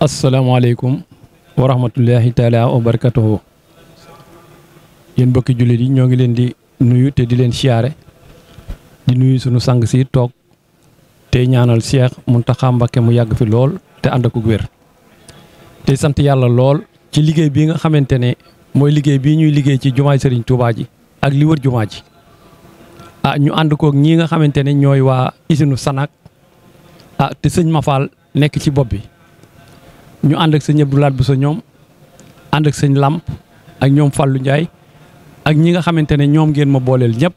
asalaamaaleykum wa rahmatullahi taala wa barakatuhu yéen mbokki jullit yi ñoo ngi leen di nuyu te di leen siyaare di nuyu sunu sang si toog te ñaanal Cheikh Mountakha Mbacké mu yàgg fi lool te ànd ak wér te sant yàlla lool ci liggéey bii nga xamante ne mooy liggéey bii ñuy liggéey ci jumaay Serigne Touba ji ak li wër jumaa ji ah ñu ànd koog ñii nga xamante ne ñooy waa isinu Sanak ah te sëñ Mafal nekk ci bopp bi. ñu ànd ak sëñ Abdou Lahad sa ñoom ànd ak sëñ Lamp ak ñoom Fallou Ndiaye ak ñi nga xamante ne ñoom ngeen ma booleel ñëpp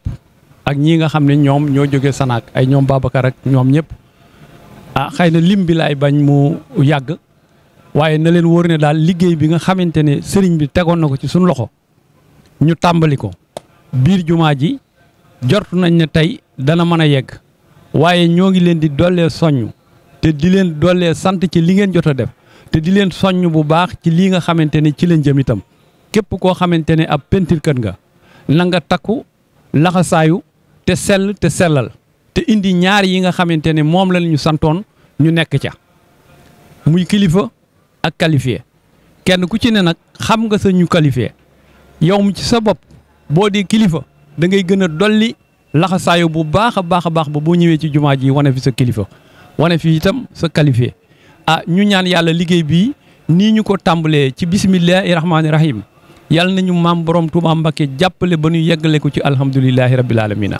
ak ñii nga xam ne ñoom ñoo jógee Sanaak ay ñoom Babacar ak ñoom ñëpp ah xëy na lim bi laay bañ mu yàgg waaye na leen wóor ne daal liggéey bi nga xamante ne sëriñ bi tegoon na ko ci suñu loxo ñu tàmbali ko biir jumaa ji jort nañ ne tey dana mën a yegg waaye ñoo ngi leen di dollee soññ te di leen dollee sant ci li ngeen jot a def te di leen soññ bu baax ci lii nga xamante ne ci leen jëm itam képp koo xamante ne ab pentirkat nga na nga takku laxasaayu te sell te sellal te indi ñaar yi nga xamante ne moom la ñu santoon ñu nekk ca muy kilifa ak qualifié kenn ku ci ne nag xam nga sa ñu qualifié yow mu ci sa bopp boo dee kilifa dangay ngay gën a dolli laxasaayu bu baax a baax baax ba boo ñëwee ci jumaa ji wane fi sa kilifa wane fi itam sa qualifié ah ñu ñaan yàlla liggéey bii nii ñu ko tàmbalee ci bisimilahi rahmaani rahim yàlla nañu maam borom Touba Mbacké jàppale ba nuy yeggale ko ci alhamdulilahi rabil alamina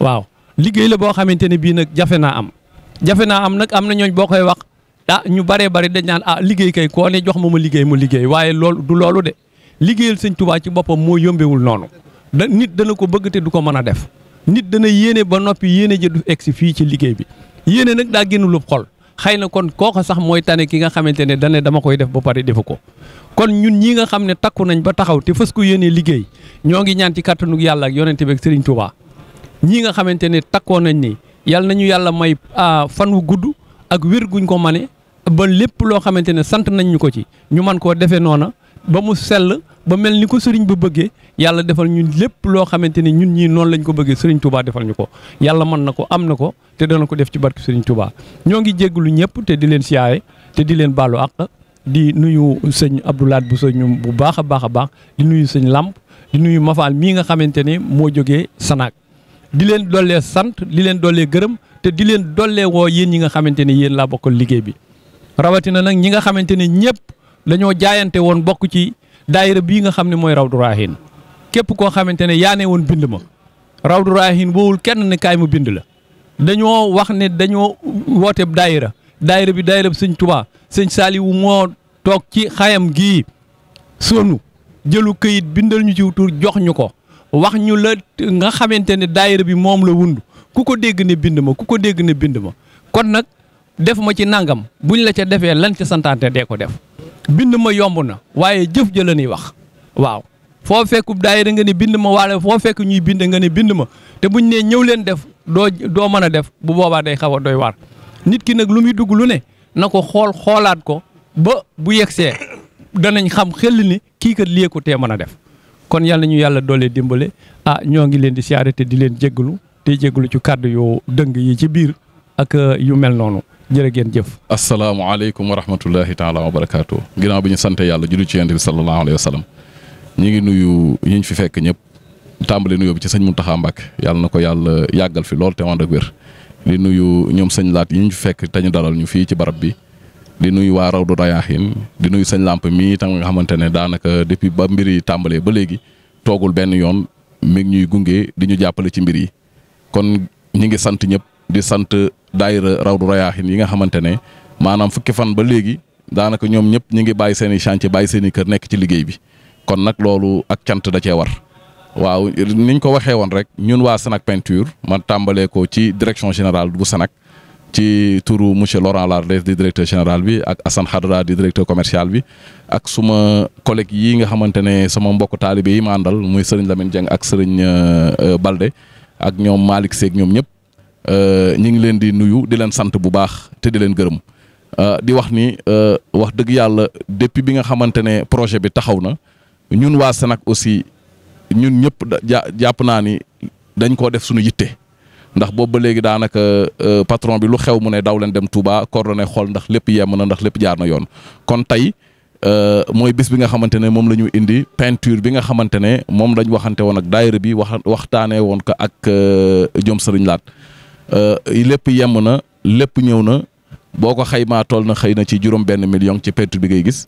waaw liggéey la boo xamante ne bii nag jafe naa am jafe naa am nag am na ñooñ boo koy wax ah ñu baree bari dañ naan ah liggéey kay koo ne jox ma ma liggéey ma liggéey waaye loolu du loolu de liggéeyal sëñ Touba ci boppam moo yombewul noonu da nit dana ko bëgg te du ko mën a def nit dana yéene ba noppi yéene ja du egsi fii ci liggéey bi yéene nag daa génn lu xol xëy na kon kooku sax mooy tane ki nga xamante ne dane dama koy def ba pare defu ko kon ñun ñi nga xam ne takku nañ ba taxaw te fës ko yéenee liggéey ñoo ngi ñaan ci kàttanug yàlla ak yonente bi ak Serigne Touba ñii nga xamante ne takkoo nañ ni yàlla nañu yàlla may fan wu gudd ak wér guñ ko ma ne ba lépp loo xamante ne sant nañ ñu ko ci ñu man koo defee noona ba mu sell ba mel ni ko sëriñ bi bëggee yàlla defal ñun lépp loo xamante ni ñun ñii noonu lañ ko bëggee sëriñ Touba defal ñu ko yàlla mën na ko am na ko te dana ko def ci barke sëriñ Touba ñoo ngi jégalu ñëpp te di leen siyaare te di leen baalu àq di nuyu sëñ Abdoulaat bu sëñ bu baax a baax a baax di nuyu sëñ Lamp di nuyu Mafaal mii nga xamante ne moo jógee Sanaak di leen dollee sant di leen dollee gërëm te di leen dollee woo yéen ñi nga xamante ne yéen laa bokkal liggéey bi rawatina nag ñi nga xamante ne ñëpp dañoo jaayante woon bokk ci daayira bii nga xam ne mooy Rawdu Rahin képp koo xamante ne yaa ne woon bind ma Rawdu Rahin woowul kenn ne kaay mu bind la dañoo wax ne dañoo woote daayira daayira bi daayira bi sëñ Tuubaa sëñ Saaliwu moo toog ci xayam gii sonu jëlu kayit bindal ñu ci tur jox ñu ko wax ñu la nga xamante ne daayira bi moom la wund ku ko dégg ne bind ma ku ko dégg ne bind ma kon nag def ma ci nangam buñ la ca defee lan ca santaante dee ko def bind ma yomb na waaye jëf ja la ñuy wax waaw foo fekk daayira nga ne bind ma waale foo fekk ñuy bind nga ne bind ma te buñ nee ñëw leen def doo doo mën a def bu boobaa day xaw a doy waar nit ki nag lu muy dugg lu ne na ko xool xoolaat ko ba bu yegsee danañ xam xel ni kii ka lii ko tee mën a def kon yàlla ñu yàlla doole dimbale ah ñoo ngi leen di siyaare te di leen jéggalu te jéggalu ci kàddu yu dëng yi ci biir ak yu mel noonu jërë ngeen jëf asalaamaaleykum wa rahmatullahi taala wa barakaatu ginnaaw bi ñu sant yàlla julli ci yonent bi sallallahu alayhi wa sallam ñi ngi nuyu ñu ñu fi fekk ñëpp tàmbali nuyoo bi ci sëñ Muntaxa Mbàkke yàlla na ko yàlla yàggal fi lool te wànd ak wér di nuyu ñoom sëñ laat yi fi fekk te dalal ñu fii ci barab bi di nuyu waa Rawdu Rayaahin di nuyu sëñ làmp mii tam nga xamante ne daanaka depuis ba mbir yi tàmbalee ba léegi toogul benn yoon mi ngi ñuy gunge di ñu jàppale ci mbir yi kon ñi ngi sant ñëpp di sant daayira Rawdu Rayaahin yi nga xamante ne maanaam fukki fan ba léegi daanaka ñoom ñëpp ñu ngi bàyyi seen i chantier bàyyi seen i kër nekk ci liggéey bi kon nag loolu ak cant da cee war. waaw niñ ko waxee woon rek ñun waa Sénac peinture man tàmbalee ko ci direction générale bu Sénac ci turu monsieur Laurent Lardes di directeur général bi ak Assane Khadra di directeur commercial bi ak suma collègue yi nga xamante ne sama mbokk taalibe yi ma àndal muy Serigne Lamine Dieng ak Serigne euh, Balde ak ñoom Malick Seck ñoom ñëpp Euh, ñi ngi leen di nuyu di leen sant bu baax te di leen gërëm euh, di wax ni euh, wax dëgg yàlla depuis bi nga xamante ne projet bi taxaw na ñun waa nag aussi ñun ñëpp jàpp naa ni dañ koo def sunu yitte ndax boobu ba léegi daanaka patron bi lu xew mu ne daw leen dem Touba coordonné xool ndax lépp yem na ndax lépp jaar na yoon kon tey mooy bis bi nga xamante ne moom la ñu indi peinture bi nga xamante ne moom lañu waxante woon ak daayira bi wax waxtaanee woon ko ak Jom Sëriñ Laat Euh, lépp yemm na lépp ñëw na boo ko xaymaa tool na xëy na ci juróom benn million ci peinture bi ngay gis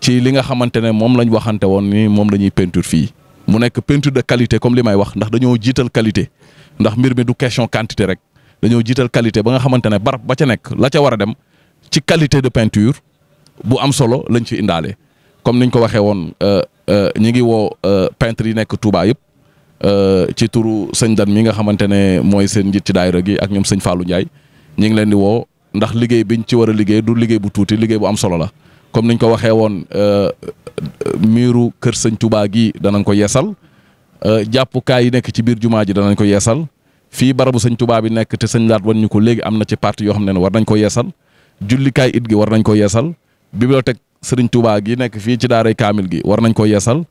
ci li nga xamante ne moom lañ waxante woon ni moom la ñuy peinture fii mu nekk peinture de qualité comme li may wax ndax dañoo jiital qualité ndax mbir mi du question quantité rek dañoo jiital qualité ba nga xamante ne barab ba ca nekk la ca war a dem ci qualité de peinture bu am solo lañ ci indaale comme niñ ko waxee woon euh, euh, ñi ngi woo peintre yi nekk Touba yëpp Euh, ci turu sëñ Dan mi nga xamante ne mooy seen njiit ci daayira gi ak ñoom sëñ Fallou Ndiaye ñu ngi leen di woo ndax liggéey biñ ci war a liggéey du liggéey bu tuuti liggéey bu am solo la comme niñ ko waxee woon euh, miiru kër sëñ Touba gi danañ ko yeesal euh, jàppukaay yi nekk ci biir jumaa ji danañ ko yeesal fii barabu sëñ tubaab yi nekk te sëñ laat wan ñu ko léegi am na ci parti yoo xam ne war nañ ko yeesal jullikaay it gi war nañ ko yeesal bibliothèque sëriñ tubaa gi nekk fii ci daaray kaamil gi war nañ ko yeesal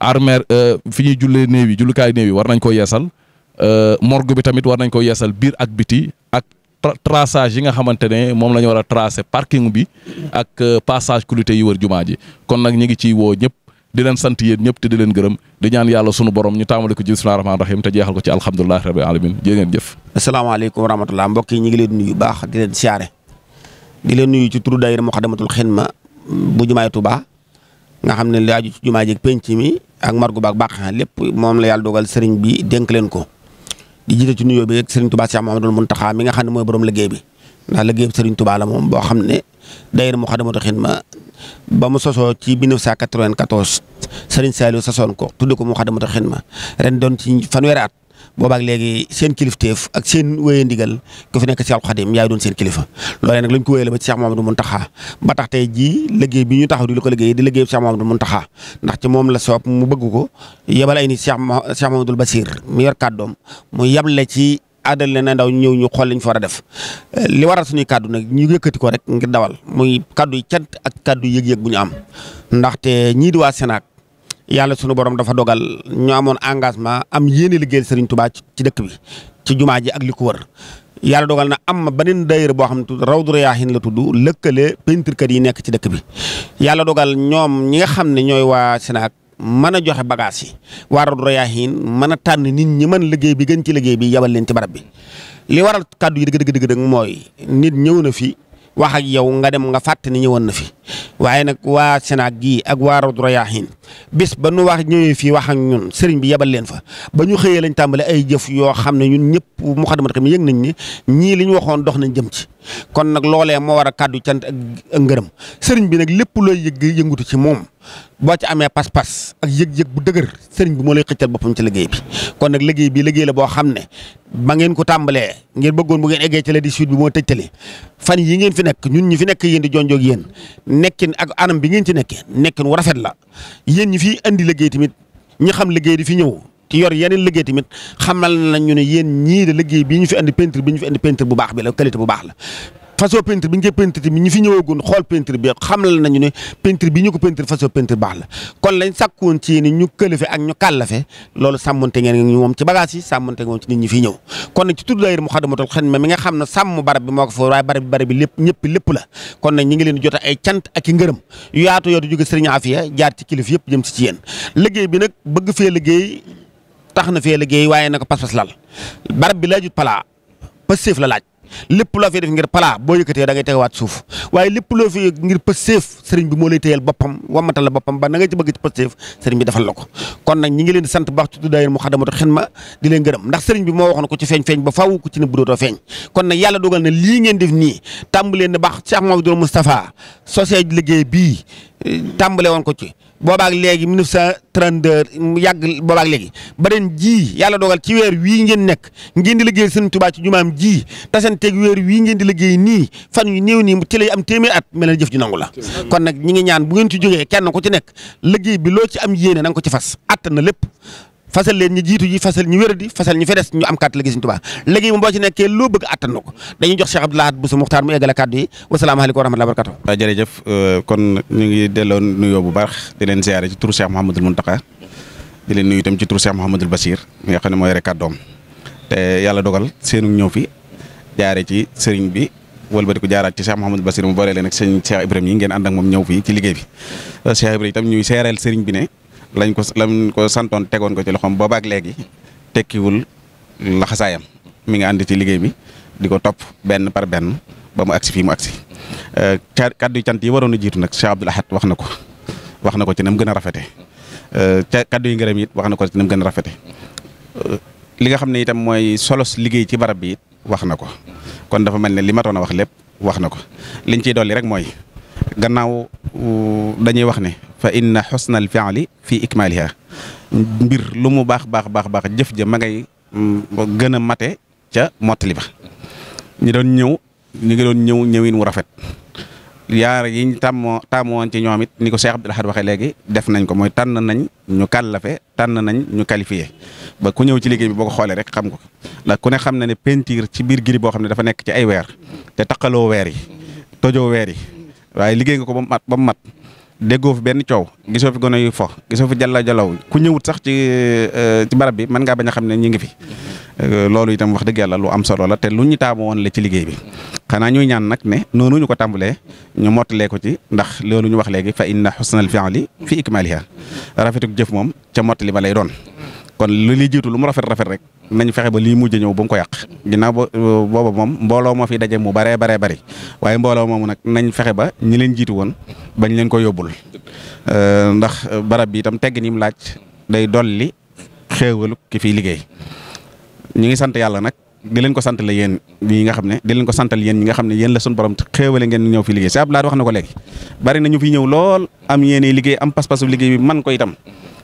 armère euh, fi ñu julle néew yi jullukaayu néew yi war nañ ko yeesal euh, morgo bi tamit war nañ ko yeesal biir ak biti ak traçage yi nga xamante ne moom la ñu war a tracer parking bi ak euh, passage culité yi wër jumaa ji kon nag ñu ngi ciy woo ñëpp di leen sant yéen ñëpp te di leen gërëm di ñaan yàlla sunu borom ñu taamale ko ci bismillah rahmaani rahim te jeexal ko ci alhamdulilah rabbil alamin jërë ngeen jëf. asalaamaaleykum wa rahmatulah mbokk yi ñu ngi leen nuyu baax di leen siyaare di leen nuyu ci turu daayira Muxaddamatul Xidma bu jumaay Tuubaa nga xam ne laaju ci jumaa jeeg penc mi ba margu baax bàq lépp moom la yàlla dogal sëriñ bi dénk leen ko di jiite ci nuyoo bi rek sëriñ Touba Cheikh Mouhamadoul Mountakha mi nga xam ne mooy borom liggéey bi ndax liggéey bi sëriñ Touba la moom boo xam ne daayira Moukhaddamatoul Khidma ba mu sosoo ci 1994 sëriñ Saliou sosoon ko tudde ko Moukhaddamatoul Khidma ren doon ci fanweeri at boobaak léegi seen kilifteef ak seen wéye ndigal ku fi nekk Seexul Xadim yaay doon seen kilifa loolee nag lañ ko wéyale ba ci Seex Mamadu Muntaxa ba tax tey jii liggéey bi ñu taxaw di li ko liggéey di liggéey Seex Mamadu Muntaxa ndax ci moom la soob mu bëgg ko yebal ay nit Seex Seex Mamadul Basiir mu yor kàddoom mu yable ci àddal leen ndaw ñëw ñu xool liñ fa war a def li waral suñuy kàddu nag ñu yëkkati ko rek ngir dawal muy kàddu yi cant ak kàddu yëg-yëg bu ñu am ndaxte ñii di waa Sénac yàlla sunu borom dafa dogal ñu amoon engagement am yéene liggéeyal Serigne Touba ci dëkk bi ci jumaa ji ak li ko wër yàlla dogal na am ma beneen daayira boo xam ne Rawdu Rayaahin la tudd lëkkale peinturekat yi nekk ci dëkk bi yàlla dogal ñoom ñi nga xam ne ñooy waa Sénac mën a joxe bagage yi waa Rawdu Rayaahin mën a tànn nit ñi mën liggéey bi gën ci liggéey bi yabal leen ci barab bi li waral kàddu yi dëgg dëgg dëgg mooy nit ñëw na fi wax ak yow nga dem nga fàtte ni ñëwoon na fi. waaye nag waa Sénac gii ak waa Rawdu Rayaahiin bis ba nu wax ñëwee fii wax ak ñun sëriñ bi yebal leen fa ba ñu xëyee lañ tàmbale ay jëf yoo xam ne ñun ñëpp Moukhaddamatoul Khidma yëg nañ ne ñii li ñu waxoon dox nañ jëm ci kon nag loolee moo war a kàddu cant ak ngërëm sëriñ bi nag lépp looy yëg yëngutu ci moom boo ci amee pas-pas ak yëg-yëg bu dëgër sëriñ bi moo lay xëccal boppam ci liggéey bi kon nag liggéey bi liggéey la boo xam ne ba ngeen ko tàmbalee ngeen bëggoon bu ngeen eggee ci la di suite bi moo tëjtale fan yi ngeen fi nekk ñun ñi fi nekk yéen di jonjoog yéen nekkin ak anam bi ngeen ci nekkee nekkin wu rafet la yéen ñi fi andi liggéey tamit ñi xam liggéey di fi ñëw ci yor yeneen liggéey tamit xamal nañ ñu ne yéen ñii de liggéey bii ñu fi andi peinture bi ñu fi andi peinture bu baax bi la qualité bu baax la façon peinture bi ñu koy peinture bi ñu fi ñëwagun xool peinture bi xamal nañu ne peinture bi ñu ko peinture façon peinture baax la kon lañ sàkkuwoon ci yéen ñu këlafe ak ñu kàllafe loolu sàmmante ngeen moom ci bagage yi sàmmante moom ci nit ñi fi ñëw kon nag ci tudd daayira Moukhaddamatoul Khidma mi nga xam ne sàmm barab bi moo ko fa waaye barab bi barab bi lépp ñëpp lépp la kon nag ñi ngi leen jot ay cant ak i ngërëm yaatu yaatu jóge sëriñ Afia jaar ci kilif yëpp jëm si ci yéen liggéey bi nag bëgg fee liggéey tax na fee liggéey waaye na ko pas-pas lal barab bi laajut palaa passif la lépp loo fi def ngir palaa boo yëkkatee da teg tegawaat suuf waaye lépp loo fi ngir pësteef sëriñ bi moo lay téyal boppam wamatal la boppam ba na nga ci bëgg ci pësteef bi defal la ko kon nag ñi leen di sant baax tudd daayira Muxaddamatul Xidma di leen gërëm ndax sëriñ bi moo waxoon ko ci feeñ feeñ ba faaw ko ci ne bu dootoo feeñ kon nag yàlla dogal na lii ngeen def nii tàmbalee na baax Cheikh Mamadou Moustapha sosee liggéey bii tàmbale woon ko ci boobaak léegi 1932 mu yàgg boobaak léegi ba ren ji yàlla dogal ci weer wii ngeen nekk ngeen di liggéey sëñ Tuubaa ci jumaam ji tasanteeg weer wii ngeen di liggéey nii fan yu néew nii mu lay am téeméer at mel na jëf ju nangu la kon nag ñi ngi ñaan bu ngeen ci jógee kenn ku ci nekk liggéey bi loo ci am yéene na nga ko ci fas attan na lépp fasal leen ñi jiitu ji fasal ñu wér di fasal ñu fi des ñu am kàtt la gis ñu Tuubaa léegi moom boo ci nekkee loo bëgg attan na ko jox Cheikh Abdoulaye Bousso Muxtaar mu euh, ñu ngi delloo nuyoo bu baax di leen ziare ci turu Cheikh Mouhamadul Mountakha di leen nuyu tam ci turu Cheikh Mouhamadul Bassir mi nga xam ne mooy rek kàddoom te yàlla dogal seenu ñëw fi jaare ci sëriñ bi wëlbati ko jaaraat ci Cheikh Mouhamadul Bassir mu boole leen ak sëñ Cheikh yi ngeen ànd moom ñëw fii ci liggéey bi Cheikh Ibrahima itam ñuy seereel bi ne lañ ko lañ ko santoon tegoon ko ci loxoom boobaak léegi tekkiwul laxasaayam mi ngi ànd ci liggéey bi di ko topp benn par benn ba mu agsi fii mu agsi euh, kaddu cant yi waroon a jiitu nag Cheikh Abdoul Ahad wax na ko wax na ko ci nam gën a rafete euh, ca kaddu yi ngërëm it wax na ko ci nam gën a rafete euh, li nga xam ne itam mooy solos liggéey ci barab bi it wax na ko kon dafa mel ne li ma a wax lépp wax na ko liñ ciy dolli rek mooy gannaaw dañuy wax ne fa inna xusnal fi'li fi ikmaaliha mbir lu mu baax baax baax baax jëf ja ngay mm, gën a mate ca mottali ba ñu doon ñëw ñu ngi doon ñëw ñëwin wu rafet yaar yiñ tàmmoo tàmmoo woon ci ñoom it ni ko Cheikh Abdoul Ahad waxee léegi def nañ ko mooy tànn nañ ñu kàllafe tànn nañ ñu qualifié ba ku ñëw ci liggéey bi boo ko xoolee rek xam ko ndax ku ne xam na ne peinture ci biir giri boo xam ne dafa nekk ci ay weer te taqaloo weer yi tojoo weer yi waaye liggéey nga ko ba mu mat ba mu mat déggoo fi benn coow gisoo fi gone yi fo gisoo fi jalla jalaw ku ñëwut sax ci euh, ci barab bi mën ngaa bañ a xam ne ñi ngi fi euh, loolu itam wax dëgg yàlla lu am solo la te lu ñu taamu woon la ci liggéey bi xanaa ñuy ñaan nag ne noonu ñu ko tàmbalee ñu mottalee ko ci ndax loolu ñu wax léegi fa inna xusnal fi'li fi ikmaliha rafetuk jëf moom ca li ba lay doon kon li jiitu lu mu rafet rafet rek nañ fexe ba lii mujj ñëw ba mu ko yàq ginnaaw booba moom mbooloo moo fi daje mu baree baree bari waaye mbooloo moomu nag nañ fexe ba ñi leen jiitu woon bañ leen ko yóbbul euh, ndax barab bi itam tegg ni mu laaj day dolli xéewalu ki fiy liggéey ñu ngi sant yàlla nag di leen ko sant la yéen ñi nga xam ne di leen ko santal yéen ñi nga xam ne yen la suñu borom xéewale ngeen ñëw fi liggéey si Abdoulaye wax na ko léegi bari na ñu fi ñëw lool am yéene liggéey am pas-pasu liggéey bi man ko itam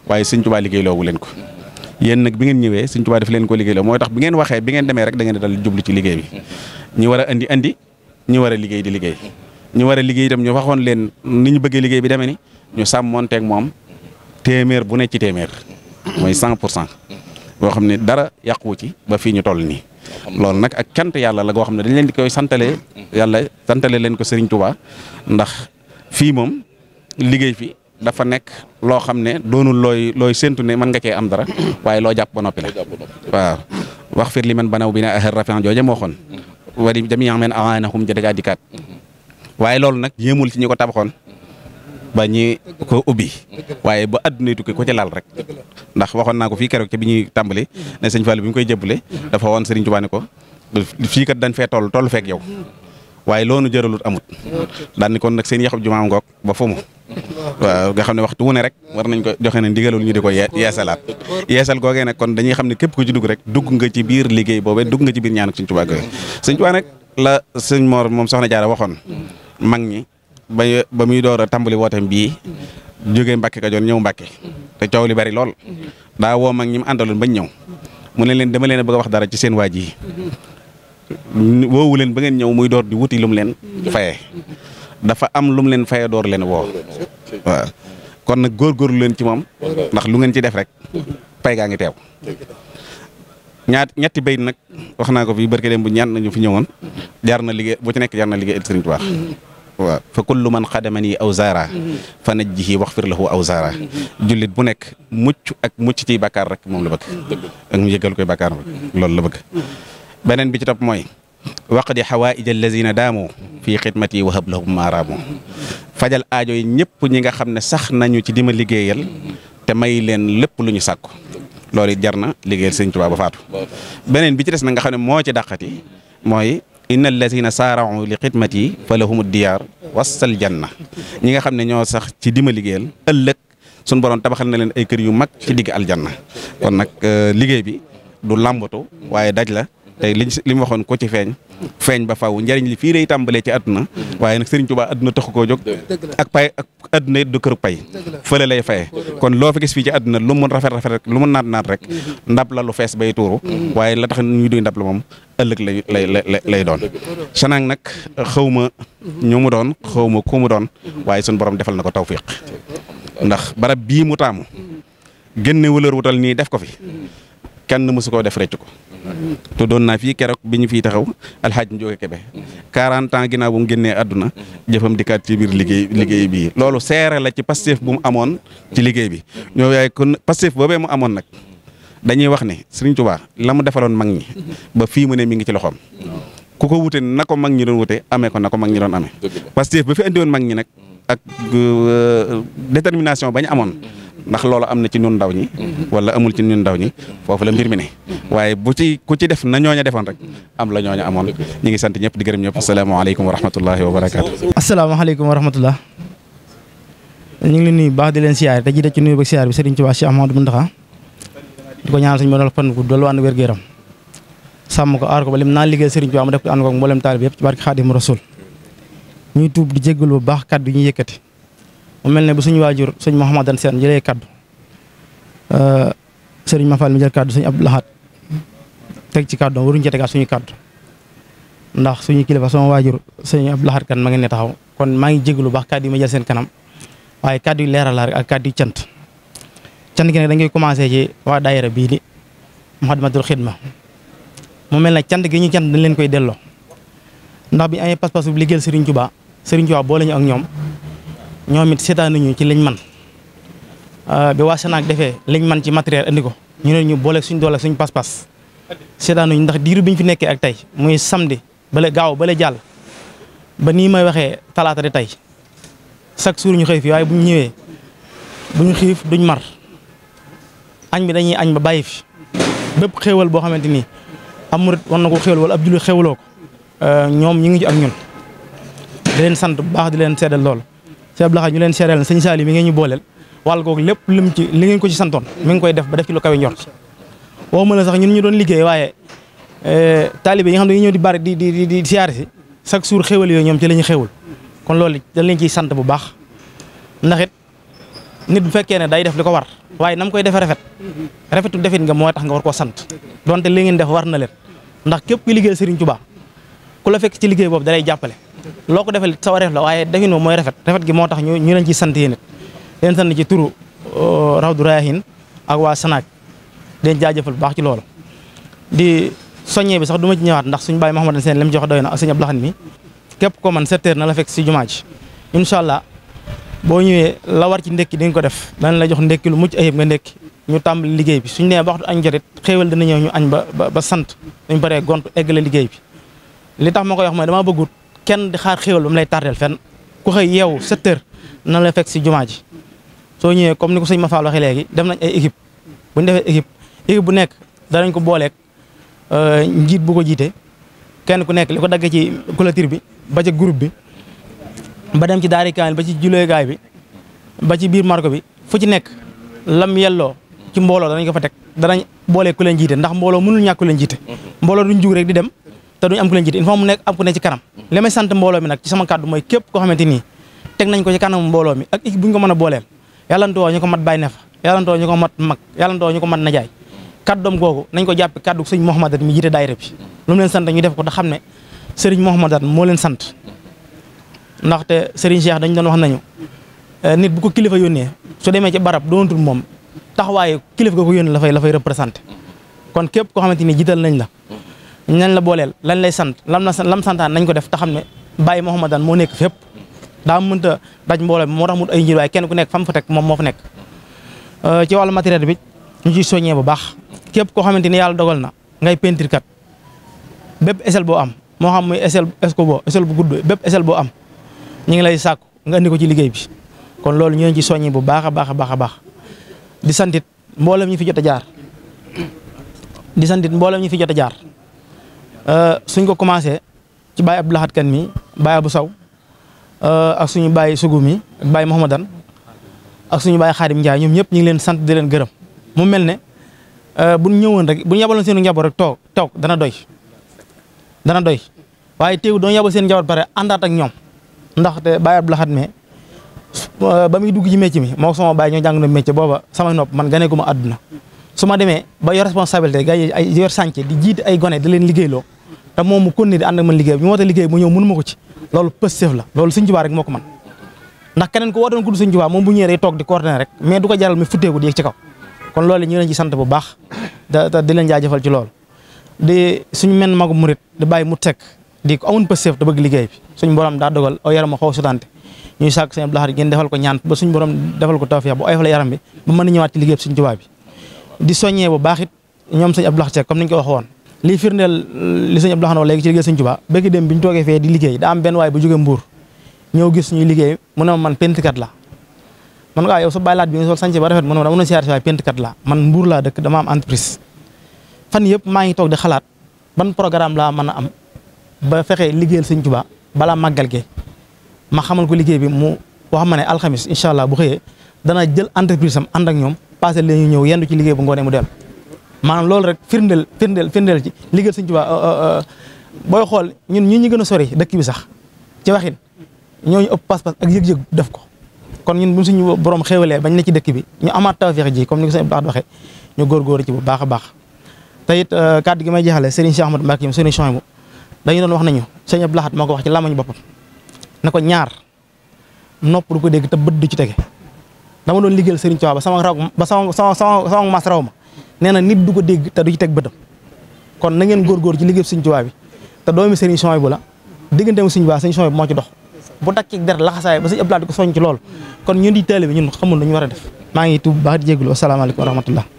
waaye Sëñ Tuubaa liggéey loowu leen ko yéen nag bi ngeen ñëwee Sëñ Tuubaa daf leen ko liggéey la mooy tax bi ngeen waxee bi ngeen demee rek da dal jublu ci liggéey bi ñu war a andi andi ñu war a liggéey di liggéey ñu war a liggéey itam ñu waxoon leen ni ñu bëggee liggéey bi demee ni ñu sàmmonteeg moom téeméer bu ne ci téeméer mooy cent pour cent boo xam ne dara yàquwu ci ba fii ñu toll nii loolu nag ak cant yàlla la goo xam ne dañ leen di koy santale yàlla santale leen ko Serigne Touba ndax fii moom liggéey fi dafa nekk loo xam ne doonu looy looy séntu ne mën nga cee am dara waaye loo jàpp ba noppi la waaw wax fir li man banaw bi na ahar rafin jooje moo xoon wari jami yang men awanahum jadajaa dikkaat waaye loolu nag yéemul ci ñi ko tabaxoon ba ñi ko ubbi waaye ba adduna tukki ko ci rek ndax waxoon naa ko fii keroog ci bi ñuy tàmbali ne sëñ Fall bi ñu koy jëbbale dafa woon Sëriñ Tuubaa ne ko fii kat dañ fee toll toll feek yow waaye loonu jëralut amut daan ni kon nag seen yaxub jumaam ngoog ba fu mu waaw nga xam ne waxtu wu ne rek war nañ ko joxe ne ndigalul ñu di ko yeesalaat yeesal googee nag kon dañuy xam ne képp ko ci dugg rek dugg nga ci biir liggéey boobee dugg nga ci biir ñaanuk Sëñ Tuubaa googee Sëñ Tuubaa nag la sëñ Mor moom soxna Jaara waxoon mag ñi ba ba muy door a tàmbali wooteem bii jógee Mbàkke Kajoor ñëw Mbàkke te coow li bari lool daa woo mag ñi mu àndaloon bañ ñëw mu ne leen dama leen a wax dara ci seen waaj yi wowu leen ba ngeen ñëw muy door di wuti lum leen mm-hmm. faye dafa am lum leen faye door leen woo mm-hmm. waaw kon nag góorgóorlu leen ci moom ndax lu ngeen ci def rek mm-hmm. pay gaa ngi teew ñaat ñetti bayit nag wax naa ko fi barke dem bu ñaan nañu fi ñëwoon jaar na liggéey bu ci nekk jaar na liggéey Sëriñ Tuubaa waaw fa kullu man xadamani aw saara fa najjihi wax fir lahu aw saara jullit bu nekk mucc ak mucc ci bàkkaar rek moom la bëgg ak mu yëgal koy bàkkaar rek loolu la bëgg beneen bi ci topp mooy waqdi xawaaija allazina daamu fii xidmati wa hab lahum maaraamo fajal aajo yi ñëpp ñi nga xam ne sax nañu ci di ma liggéeyal te may leen lépp lu ñu sàkku loolu it jar na liggéeyal sëñ Tuubaa ba faatu beneen bi ci des na nga xam ne moo ci dàqati mooy inna allazina saarau li xidmati fa lahum diyaar wassal janna ñi nga xam ne ñoo sax ci di ma liggéeyal ëllëg suñu borom tabaxal na leen ay kër yu mag ci digg aljanna kon nag euh, liggéey bi du làmbatu waaye daj la tey liñ li mu waxoon ko ci feeñ feeñ ba faw njariñ li fii lay tàmbalee ci àdduna waaye nag Sëriñ Tuubaa àdduna taxu koo jog ak pay ak àdduna it du këruk pay fële lay faye kon loo fi gis fii ci àdduna lu mu rafet rafet rek lu mu naat naat rek mm-hmm. ndab la lu fees bay tuuru mm-hmm. waaye la tax ñuy duy ndab la moom ëllëg lay lay lay doon sanang nag xawma mm-hmm. ñu mu doon xawma ku mu doon waaye suñu borom defal na ko tawfiq ndax barab bii mu taamu génne wëlër wutal nii def ko fi kenn mësu koo def recc ko doon na fii keroog bi ñu fii taxaw alxaaj Njóoge Kebe 40 ans ginnaaw bu mu génnee àdduna mm-hmm. jëfam dikkaat ci biir liggéey liggéey bii loolu seere la ci pasteef bu mu amoon ci liggéey bi mm-hmm. ñoo waaye kon pasteef boobee mu amoon nag dañuy wax ne Sëriñ Tuubaa la mu defaloon mag ñi ba fii mu ne mi ngi ci loxoom mm-hmm. ku ko wute na ko mag ñi doon wute amee ko na ko mag ñi doon amee pasteef ba fi andi woon mag ñi nag ak euh, détermination bañ amoon ndax loolu am na ci ñun ndaw ñi mm-hmm. wala amul ci ñun ndaw ñi foofu la mbir mi ne mm-hmm. waaye bu ci ku ci def na ñooña defoon rek mm-hmm. am la ñooña amoon ñi ngi sant ñëpp di gërëm ñëpp asalaamaaleykum wa rahmatullahi wa barakaatu asalaamaaleykum wa rahmatullah ñu ngi leen nuyu baax di leen siyaare te jiite ci nuyu ba siyaare bi Sëriñ Tuubaa Cheikh Ahmadou Mountakha di ko ñaan suñu mënal fan gu doolu wànn wér na yaram sàmm ko aar ko ba lim naa liggéey Sëriñ Tuubaa mu def ko ànd ko mboolem taalib yëpp ci barke mu Rasuul ñuy tuub di jéggal bu baax kàddu yi ñuy yëkkati mu mel ne bu suñu waajur sëñ Mouhamadan Sène jëlee kaddu euh, sëriñ Mafal mi jël kaddu sëñ Abdou Lahad teg ci kaddu waruñu ci tegaat suñu kaddu ndax suñu kilifa sama waajur sëñ Abdou kan ma ngeen ne taxaw kon maa ngi jéglu baax kaddu me jël seen kanam waaye kaddu yu leeral la rek ak kaddu yu cant cant gi nag dañ commencé ci waa daayira bii di Muxaddamatul Xidma mu mel ne cant gi ñu cant dañ leen koy delloo ndax bi amee pas-pas bu liggéeyal Serigne Touba ak ñoom. ñoom it seetaanuñu ci liñ man ah, bi waa Sénac defee liñ man ci matériel andi ko ñu ne ñu booleeg suñ doole suñ pas-pas seetaanuñu ndax diiru ñu fi nekkee ak tey muy samedi bale gaaw bale jàll ba nii may waxee talaata di tey chaque jour ñu xëy fi waaye bu ñu ñëwee bu ñu xiif duñ mar añ bi dañuy añ ba bàyyi fi bépp xéewal boo xamante ni am murit war ko xéewal wal ab julli xéewaloo ko ah, ñoom ñu ngi ci ak ñun di leen sant bu baax di leen seddal lool. si Abdou Lahad ñu leen seereel na sëñ Saali mi ngeen ñu booleel wàll googu lépp lim ci li ngeen ko ci santoon mi ngi koy def ba def ci lu kawe njort waxuma la sax ñun ñu doon liggéey waaye eh, taalibe yi nga xam ne dañuy ñëw di bari di di di siyaar si chaque jour xéwal yooyu ñoom ci la ñu xéwal kon loolu dañ leen ciy sant bu baax ndax it nit bu fekkee ne day def li ko war waaye nam koy defee rafet rafetu defit nga moo tax nga war koo sant donte li ngeen def war na leen ndax képp ku liggéey Serigne Touba ku la fekk ci liggéey boobu dalay jàppale loo ko defal sa wareef la waaye definoo mooy rafet rafet gi moo tax ñu ñu leen ci sant yéen it leen sant ci turu uh, Rawdu Rayaahin ak waa Sanaag leen jaajëfal bu baax ci loolu di soññee bi sax du ma ci ñëwaat ndax baay bàyyi Mouhamadou Sène li mu jox doy na ak sëñ Abdoulaye mi képp ko man sept na la fekk si jumaa ji incha allah boo ñëwee la war ci ndekki di ko def danañ la jox ndekki lu mucc ayib nga ndekki ñu tàmbali liggéey bi suñ nee ba waxtu añ jotit xéewal dina ñu añ ba ba sant dañ paree gont eggale liggéey bi kenn di xaar xéwal ba mu lay tardel fenn ku xëy yeewu 7 heures nan la fekk si jumaa ji soo ñëwee comme ni ko sëñ Mafal waxee léegi def nañ ay équipe bu ñu defee équipe équipe bu nekk danañ ko booleeg euh, njiit bu ko jiite kenn ku nekk li ko daggee ci clôture bi ba ca groupe bi ba dem ci daari kaamil ba ci julleekaay bi ba ci biir marko bi fu ci nekk lam yelloo ci mbooloo danañ ko fa teg danañ boolee ku leen jiite ndax mbooloo mënul ñàkk ku leen jiite mhm. mbooloo duñ jug rek di dem te duñ am ku leen jiite il nekk ci kanam li sant mbooloo mi nag ci sama kàddu mooy képp ko xamante nii teg nañ ko ci kanam mbooloo mi ak équipe bu ñu ko mën a booleem yàllantoo ñu ko mat bàyyi ne fa yàllantoo ñu ko mat mag yàllantoo ñu ko mat najaay doom googu nañ ko jàppe kàddu sëñ Mouhamadane mi jiite daayira bi lu mu leen sant ñu def ko da xam ne sëriñ Mouhamadane moo leen sant ndaxte sëriñ Cheikh dañ doon wax nañu euh, nit bu ko kilifa yoon yónnee su demee ci barab doonatul moom taxawaaye kilifa ga ko yónnee la fay la fay représenté kon képp koo xamante ni jiital nañ la nañ la booleel lañ lay sant lam la lam santaan nañ ko def te xam ne Baye Mouhamadane moo nekk fépp daa mënta daj mbooloo moo tax ay njiit waaye kenn ku nekk fam fa teg moom moo fa nekk euh, ci wàllu matériel bi ñu ciy soññee bu baax képp koo xamante ni yàlla dogal na ngay peinture kat bépp échelle boo am moo xam muy échelle escobo échelle bu gudd bépp échelle boo am ñu ngi lay sàkku nga andi ko ci liggéey bi kon loolu ñu ngi ci bu baax a baax a baax a baax di santit mboolem ñi fi jot a jaar di santit mboolem ñi fi jot a jaar Euh, suñ ko commencé ci Baye Abdou Lahad Kan mi Baye Abou Saw euh, ak suñu Baye Sougou mi ak Baye Mouhamadan ak suñu Baye Xaadim Ndiaye ñoom ñëpp ñu ngi leen sant di leen gërëm mu mel ne euh, bu ñu ñëwoon rek bu ñu seen njaboot rek toog toog dana doy dana doy waaye teew doon yabal seen njaboot pare àndaat ak ñoom ndaxte Baye Abdou Lahad me ba muy dugg ci métier mi moo sama baay ñoo jàng na métier booba sama nopp man ganee gu ma àdduna su ma demee ba yor responsabilité gay yi ay yor sànce di jiit ay gone di leen liggéeyloo te moom mu kon ni di ànd man liggéey bi ñu woote liggéey mu ñëw mënu ma ko ci loolu pëstef la loolu sëñ Tuubaa rek moo ko man ndax keneen ko wootoon ku dul sëñ Tuubaa moom bu ñëwee day toog di coordonné rek mais du ko sant bu baax te di leen jaajëfal ci suñu men mago murit di bàyyi mu teg di ko amoon pëstef da bëgg bi suñu borom daa dogal a xaw sutante ñuy sàkk seen blaxar ngeen ko ñaan ba suñu borom defal ko tawfiya bu mën a ñëwaat ci liggéey bi suñu Tuubaa bi bu baax it ñoom sëñ Abdou Lahad lii firndeel euh, li sëñ Abdou Xanaa léegi ci liggéey sëñ Tuubaa bëgg dem bi ñu toogee fee di liggéey daa am benn waay bu jógee Mbuur ñëw gis ñuy liggéey mu ne ma man pentkat la man ko ah, yow sa bàyyi laaj bi nga sol sañce ba rafet mu ne ma dama la man Mbuur laa dëkk am entreprise fan yëpp maa ngi toog di xalaat ban programme laa mën a am ba fexe liggéeyal sañ Tuubaa balaa màggal ge ma xamal ko liggéey bi mu wax ma ne alxamis incha allah bu xëyee dana jël entreprise am ànd ak ñoom passé leen ñu ñëw yendu ci liggéey bu ngoonee mu dellu maanaam loolu rek firndeel firndeel firndeel ci liggéey Sëñ Tuubaa euh, euh, euh, booy xool ñun ñi ñu gën a sori dëkk bi sax ci waxin ñu ëpp pas-pas ak yëg-yëg def ko kon ñun bu suñu borom xéwalee bañ ne ci dëkk bi ñu amaat tawfeex ji comme ni ko sëñ Abdou waxee ñu góorgóor ci bu baax a baax te it kàddu gi may jeexale Serigne Cheikh Ahmadou Mbacke Serigne Chouaïbou dañu doon wax nañu sëñ Abdou Lahad moo ko wax ci lamañu boppam na ko ñaar nopp du ko dégg te bët du ci tege dama doon liggéeyal Serigne Touba ba sama raw ba sama sama sama mas raw ma nee na nit du ko dégg te du ci teg bëtam kon na ngeen góorgóor ci liggéey Sëñ Tuubaa bi te doomi Sëriñ Sooy bu la diggante mu Sëñ Tuubaa Sëñ Sooy bu moo ci dox bu takki der laxasaay ba Sëñ Abdu Lahat di ko soñ kon ñun di taalibe ñun xamul nañu war a def maa ngi tuub baax di jégalu asalaamaaleykum wa